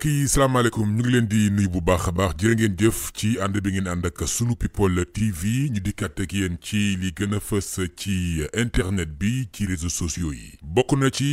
kii yi salaamaaleykum ñu ngi leen di nuyu bu baax a baax jërë ngeen jëf ci and bi ngeen ànd ak sunu people TV ñu dikkaat ak yéen ci li gën a fës ci internet bi ci réseaux sociaux yi bokk na ci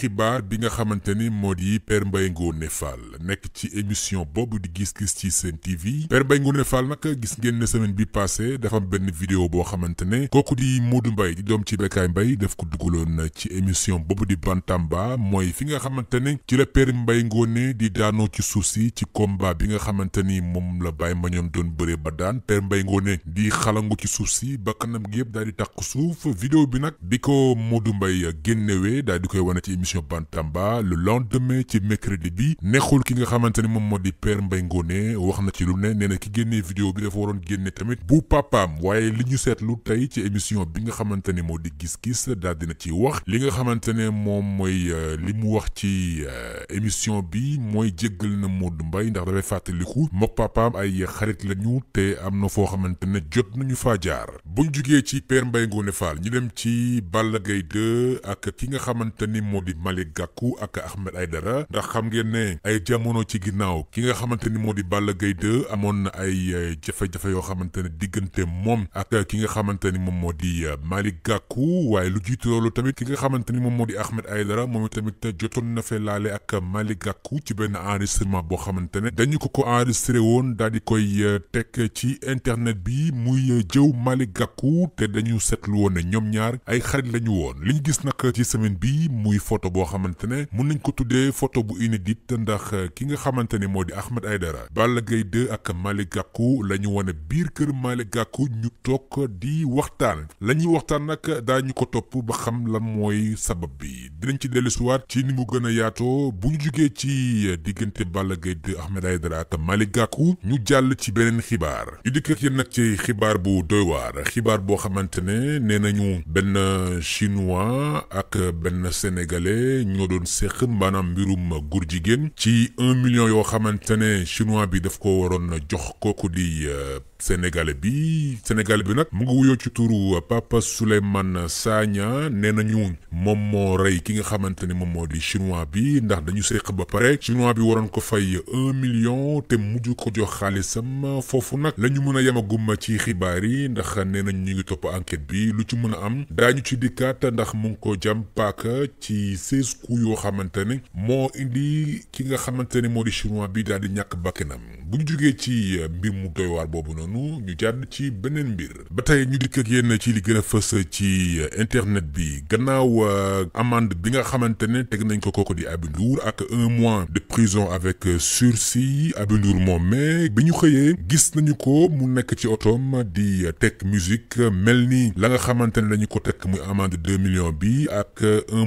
xibaar bi nga xamante ni moo di Père Mbaye Ngoné Fall nekk ci émission boobu di gis-gis ci seen TV Père Mbaye Ngoné Fall nag gis ngeen ne semaine bi passé dafa benn vidéo boo xamante ne kooku di Modou mbay di doom ci Bécaye mbay daf ko dugaloon ci émission boobu di Bantamba mooy fi nga xamante ne ci la Père Mbaye Ngoné di bi daanoo ci suuf si ci ba bi nga xamante ni moom la Baye Mandione doon bëree ba daan Père mbay Ngoné di xalangu ci suuf si ba kanam gi yëpp daal di takk suuf vidéo bi nag bi ko Modou Mbaye génnewee daal di koy wane ci émission Bantamba le lendemain ci mercredi bi neexul ki nga xamante ni moom moo di Père Mbaye Ngoné wax na ci lu ne nee ki génnee vidéo bi dafa waroon génne tamit bu papaam waaye li ñu seetlu tey ci émission bi nga xamante ni moo di gis-gis daal dina ci wax li nga xamante ne moom mooy euh, li mu wax ci euh, émission bi mooy jéggal na Modou Mbaye ndax dafay fàttaliku mook papaam ay xarit lañu te am na foo xamante ne jot nañu faa jaar buñ jugee ci Père Mbaye Ngoné Fall ñu dem ci Balla Gaye 2 ak ki nga xamante ni moo di Malick Gakou ak Ahmed Aïdara ndax xam ngeen ne ay jamono ci ginnaaw ki nga xamante ni moo di Balla Gaye 2 na ay jafe-jafe yoo xamante ne diggante moom ak ki nga xamante ni moom moo di euh, Malick Gakou waaye lu jiitu loolu tamit ki nga xamante ni moom moo di Ahmed Aïdara moom tamit jotoon na fee laale ak Malick Gakou ci benn benn enregistrement boo xamante ne dañu ko ko enregistré woon daal di koy euh, teg ci internet bi muy euh, jëw mali Gakou te dañu seetlu woon ne ñoom ñaar ay xarit lañu woon li ñu gis nag ci semaine bi muy photo boo xamante ne mun nañ ko tuddee photo bu inédite ndax euh, ki nga xamante ne moo di Ahmed Aïdara Balla Gaye 2 ak mali Gakou la ñu wane biir kër Malick gàkku ñu toog di waxtaan la ñuy waxtaan nag daañu ko topp ba xam lan mooy sabab bi dinañ ci dellusiwaat ci ni mu gën a yaatoo bu ñu jugee ci diggante Balla Gaye 2 Ahmed Aïdara te Malick Gakou ñu jàll ci beneen xibaar ñu dikk ak yéen nag ci xibaar bu doy waar xibaar boo xamante ne nee nañu benn chinois ak benn sénégalais ñoo doon séq maanaam mbirum góor jigéen ci un million yoo xamante ne chinois bi daf ko waroon na jox kooku di euh, sénégalais bi sénégalais bi nag mu ngi wuyoo ci turu Papa Souleymane Sagna nee nañu moom moo rey ki nga xamante ne moom moo di chinois bi ndax dañu séq ba pare chinois gouvernement bi waroon ko fay un million te mujj ko jox xaalisam foofu nag la ñu mën a yemagum ci xibaar yi ndax nee nañ ñu ngi topp enquête bi lu ci mën a am daañu ci dikkaat ndax mu ngi ko jam paaka ci seize coups yoo xamante ne moo indi ki nga xamante ne moo di chinois bi daal di ñàkk bakkanam bu ñu jógee ci mbir mu doy boobu noonu ñu jàdd ci beneen mbir ba tey ñu dikk ak yéen ci li gën a ci internet bi gannaaw euh, amande bi nga xamante ne teg nañ ko kooku di Aby Ndour ak un mois de prison avec euh, sursis Aby Ndour moom mais bi ñu xëyee gis nañu ko mu nekk ci otom di euh, teg musique mel ni la nga xamante ne dañu ko teg muy amende deux millions ak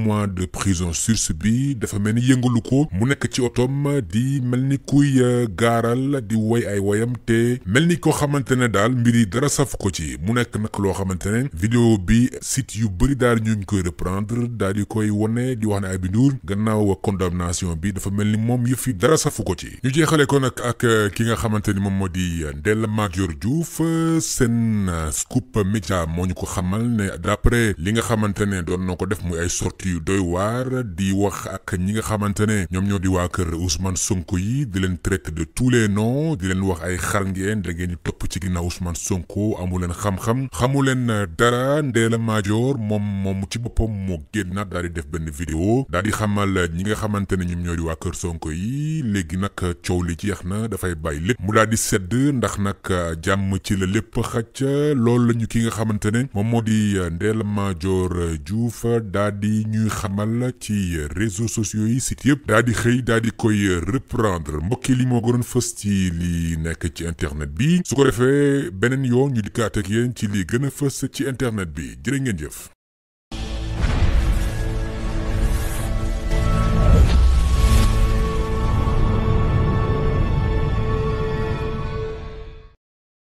mois de prison sursis bi dafa mel ni yëngalu ko mu nekk ci otoom di mel ni kuy gaaral di woy ay woyam te mel ni koo xamante ne daal mbir yi dara saf ko ci mu nekk nag loo xamante ne vidéo bi site yu bëri daal ñu koy reprendre daal di koy wone di wax ne Aby Ndour gannaaw condamnation bi dafa mel ni moom yëf yi dara safu ko ci. ñu jeexale ko nag ak euh, ki nga xamante moom moo di Ndella Madior Diouf euh, seen euh, scoop média moo ñu ko xamal ne d'après li nga xamante ne doon na ko def muy ay sorties yu doy waar di wax ak ñi nga xamante ne ñoom ñoo di waa kër Ousmane Sonko yi di leen traité de tous les noms di leen wax ay xar ngeen da ngeen di topp ci ginnaaw Ousmane Sonko amu xam-xam xamu dara Ndella Madior moom boppam moo génnaat daal di def benn vidéo daal di xamal ñi nga xamante ne ñoom ñoo di waa kër sonk yi léegi nag coow li jeex na dafay bàyyi lépp mu daal di sedd ndax nag euh, jàmm ci la lépp xaj loolu lañu ki nga xamante ne moom moo di euh, Ndella Madior euh, Diouf daal di ñuy xamal ci réseaux sociaux yi site yëpp daal di xëy daal di koy reprendre mbokki li moo gënoon fës ci li nekk ci internet bi su ko defee beneen yoon ñu dikkaat ak yéen ci li gën a fës ci internet bi jërë ngeen jëf